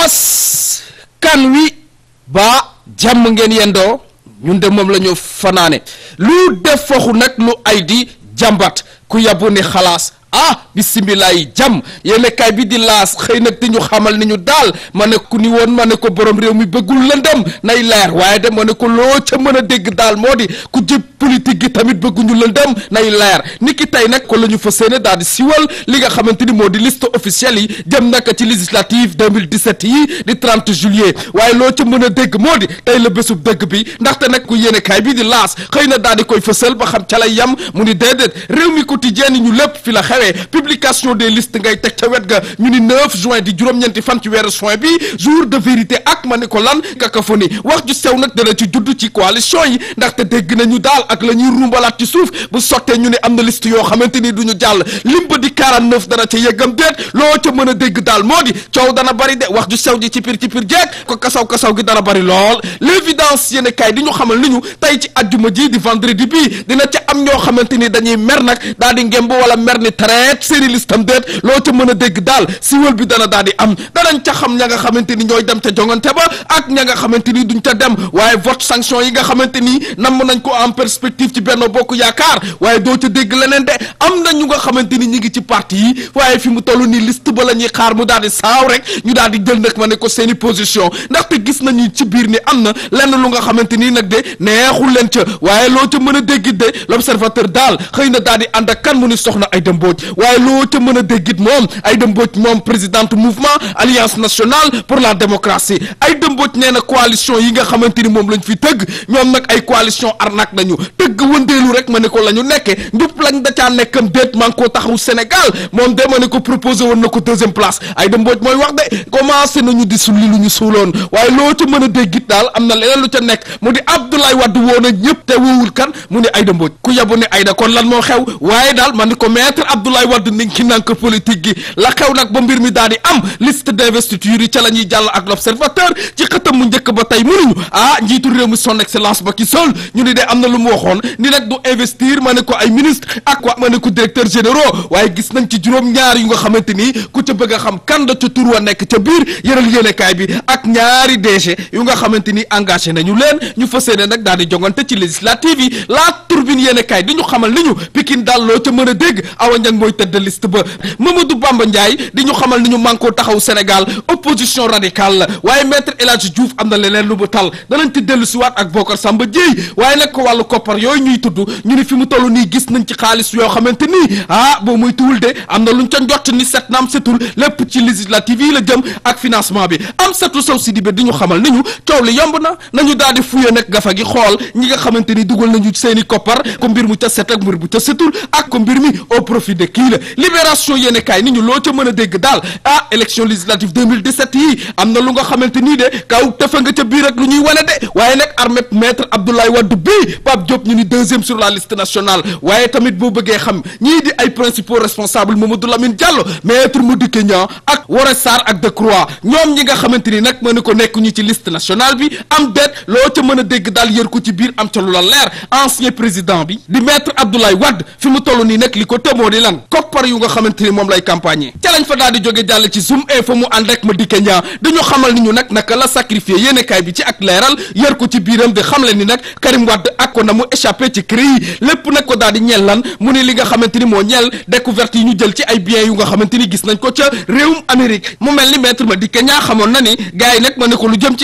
askan wi ba jàmm ngeen yendoo ñun de moom la ñu fanaane lu def foxu nag lu ay di jàmbat ku yabu ni xalaas ah bisimilah yi jàmm yéen bi di laas xëy nag di ñu xamal ni ñu daal ma ne ku ni woon ma ne ko borom réew mi bëggul lëndëm nay leer waaye de ma ne ko loo ca mën a dégg daal moo di ku jëpp politique gi tamit bëgguñu lëndëm nay leer ni ki tey nag ko la ñu fas yéene daal siwal li nga xamante ni moo di liste officielle yi jëm nag ci législative 2017 yi di 30 juillet waaye loo ca mën a dégg moo di tey la bésub dëgg bi ndaxte nag ku yéene kaay bi di laas xëy na daal di koy fësal ba xam ca lay yam mu ni mi quotidien yi ñu lépp fi la taxawee publication des listes ngay teg ca wet ga ñu ni 9 juin di juróom-ñeenti fan ci weeru juin bi jour de vérité ak ma ni ko lan cacophonie wax ju sew nag dana ci judd ci coalition yi ndaxte dégg nañu daal ak la rumbalaat ci suuf bu sottee ñu ne am na liste yoo xamante ni jàll lim ba di 49 dana ca yëggam déet loo ca mën a dégg daal moo di coow dana bari de wax ju sew ji ci pir ci pir jeeg ko kasaw kasaw gi dana bari lool l'évidence yéen deet sérialiste am deet loo ca mën a dégg daal siiwal bi dana daal di am danañ ca xam ña nga xamante ni ñooy dem ca jongante ba ak ña nga xamante ni duñ ca dem waaye vote sanction yi nga xamante ni nam nañ ko en perspective ci Benno Bokk Yaakaar waaye doo ca dégg leneen de am na ñu nga xamante ni ñi ngi ci parti yi waaye fi mu toll nii liste ba la ñuy xaar mu daal di saaw rek ñu daal di jël nag ma ne ko seen i position ndaxte gis nañu ci biir ni am na lenn lu nga xamante ni nag de neexul leen ca waaye loo ca mën a dégg de l'observateur daal xëy na daal di ànd kan mu ni soxna ay dëmbooj waaye loo ca mën a déggit moom Aïda Mbodj moom présidente mouvement alliance nationale pour la démocratie Aïda Mbodj nee na coalition yi nga xamante ni moom lañ fi tëgg ñoom nag ay coalition arnaque lañu tëgg wëndeelu rek ma ne ko la ñu nekke ndub lañ da caa nekk déet man ngi koo taxaw Sénégal moom de ma ne ko proposé woon na ko deuxième place Aïda Mbodj mooy wax de commencé nañu di sulli lu ñu suuloon waaye loo ca mën a déggit daal am na leneen lu ca nekk mu di Abdoulaye Wade woon a ñëpp te woowul kan mu ne Aïda Mbodj ku yabu ne Aïda kon lan moo xew waaye Abdoulaye Wade ni ngi nànk politique gi la xew nag ba mbir mi daal di am liste d'investiture yi ca la jàll ak l'observateur ci xëtam mu njëkk ba tey mënuñu ah njiitu réew mi son excellence Macky Sall ñu ni de am na lu mu waxoon ni nag du investir ma ne ko ay ministre ak ma ne ko directeur généraux waaye gis nañ ci juróom ñaar yu nga xamante ni ku ca bëgg xam kan la ca tur wa nekk ca biir yëral yéenekaay bi ak ñaari DG yu nga xamante ni engagé nañu leen ñu fas yéene nag daal di jongante ci législative yi la turbine yéenekaay di ñu xamal ni ñu Pikine daal loo ca mën a dégg Sène mooy tête de liste ba di ñu xamal ni ñu mànkoo taxaw Sénégal opposition radicale waaye maître El Hadji Diouf am na leneen lu mu tal danañ ci dellu siwaat ak Bokar Samba Dièye waaye nag ko wàllu koppar yooyu ñuy tudd ñu ni fi mu toll nii gis nañ ci xaalis yoo xamante nii ah boo muy tuwul de am na luñ ca njott ni set naam setul lépp ci législative yi la jëm ak financement bi am setu sow si dibe di ñu xamal ni ñu coow li yomb na nañu daal di fuye i koppar ko mbir mu ca set ne kii la libération yéen kaay ni ñu loo ca mën a dégg daal ah élection législative 2017 yi am na lu nga xamante de kaw tefe nga ca biir ak lu ñuy wane de waaye nag armée maître Abdoulaye Wade bii Pape Diop ñu ni deuxième sur la liste nationale waaye tamit boo bëggee xam ñii di ay principaux responsables Mamadou Lamine Diallo maître Madické Niang ak Woré Sarr ak Decroix ñoom ñi nga xamante ni nag na ko nekk ñu ci liste nationale bi am déet loo ca mën a dégg daal yër ko ci biir am ca bi di maître Abdoulaye naan koppar yu nga xamante ni moom lay campagne ca lañ fa daal di jóge jàll ci zoom info mu ànd rek ma dikke ñaa dañu xamal ni ñu nag naka la sacrifié yéenekaay bi ci ak leeral yar ko ci biiram di xamle ni nag Karim Wade ak ko na mu échappé ci CREI lépp nag ko daal ñeel lan mu ni li nga xamante moo ñeel découverte yi ñu jël ci ay biens yu nga xamante gis nañ ko ca réewum Amérique mu mel ni maître ma dikke ñaa xamoon na ni gars yi ma ne ko lu jëm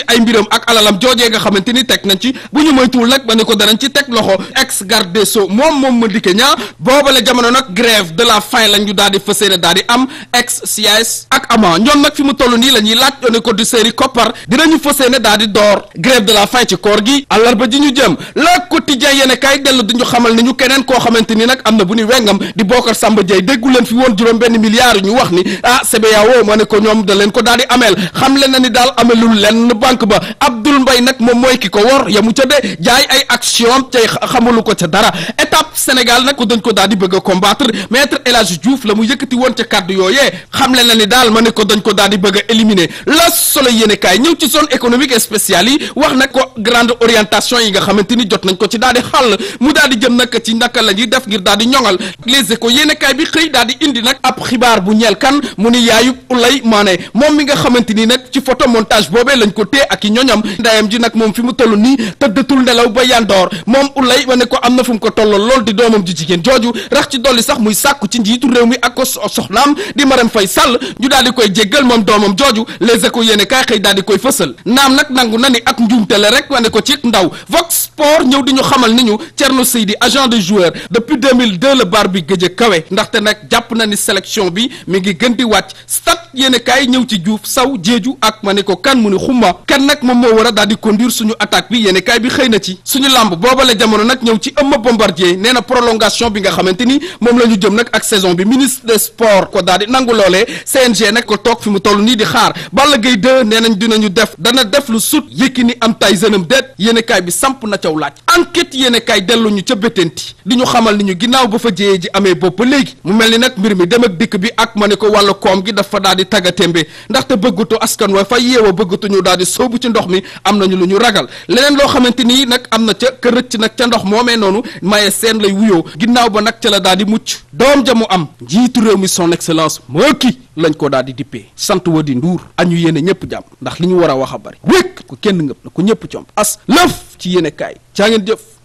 de la fin lañ ñu daal di fas yéene daal di am ex CIS ak ama ñoom nag fi mu toll nii la ñuy laaj one ko du série koppar dinañu fas yéene daal di door grève de la fin ci koor gi àllarba ji ñu jëm la quotidien yéene kay dellu di ñu xamal ni ñu keneen koo xamante ni nag am na bu ni wengam di bokkar Samba Dieye déggu leen fi woon juróom benn milliard yu ñu wax ni ah CBAO moo ne ko ñoom da leen ko daal di ameel xam leen na ni daal amelul lenn banque ba Abdoul Mbaye nag moom mooy ki ko wor yamu ca de jaay ay action am cay xamalu ko ca dara étape Sénégal nag dañ ko daal di bëgg a maître El Hadji la mu yëkkati woon ca kàddu yooyee xamle na ni daal ma ne ko dañ ko daal di bëgg a éliminer la solo yéene kaay ñëw ci zone économique et spéciale yi wax nag ko grande orientation yi nga xamante ni jot nañ ko ci daal di xàll mu daal di jëm nag ci naka la ñuy def ngir daal di ñoŋal les échos yéene kaay bi xëy daal di indi nag ab xibaar bu ñeel kan mu ni yaayub ulay maane moom mi nga xamante ni nag ci photo montage boobee lañ ko téye ak i ñoñam ndayam ji moom fi mu toll nii tëddatul nelaw ba yandoor ko na fu ko tolloo lool di doomam ji jigéen jooju rax ci dolli sàkku ci njiitu réew mi ak ko soxnaam di Marème Faye Sall ñu daal di koy jéggal moom doomam jooju les échos yéene kaay xëy daal di koy fësal naam nag nangu na ni ak njuumte la rek wane ko ci ndaw Vox Sport ñëw di ñu xamal ni ñu Thierno Seydi agent de joueur depuis 2002 la bar bi gëj a kawe ndaxte nag jàpp na ni sélection bi mi ngi gën di wàcc stade yéene kaay ñëw ci Diouf Saw Jeeju ak ma ne ko kan mu ni xumma kan nag moom moo war a daal di conduire suñu attaque bi yéene kaay bi xëy na ci suñu làmb boobale jamono nag ñëw ci ëmma bombardier nee na prolongation bi nga xamante ni moom la ñu jëm nag nag ak saison bi ministre des sports ko daal di nangu loolee CNG nag ko toog fi mu toll nii di xaar Balla Gaye 2 nee nañ dinañu def dana def lu sut Yékini am tay seenam déet yéenekaay bi samp na caw laaj enquête yéenekaay dellu ñu ca béttanti di ñu xamal ni ñu ginnaaw ba fa jéyee ji amee bopp ba léegi mu mel ni nag mbir mi dem ak dikk bi ak ma ne ko wàllu koom gi dafa daal di taggatémbe ndaxte bëggatu askan wa fa yeewa bëggatu ñu daal di soobu ci ndox mi am nañu lu ñu ragal leneen loo xamante nii nag am na ca kërëcc nag ca ndox moomee noonu maye seen lay wuyoo ginnaaw ba nag ca la daal di mucc doom ja mu am njiitu réew mi son excellence moo ki lañ ko daal di dippee sant wa di nduur añu yéene ñëpp jàmm ndax li ñu war a wax a bari wékk ko kenn ngëp na ko ñëpp comp as lëf ci yéene kaay caa ngeen jëf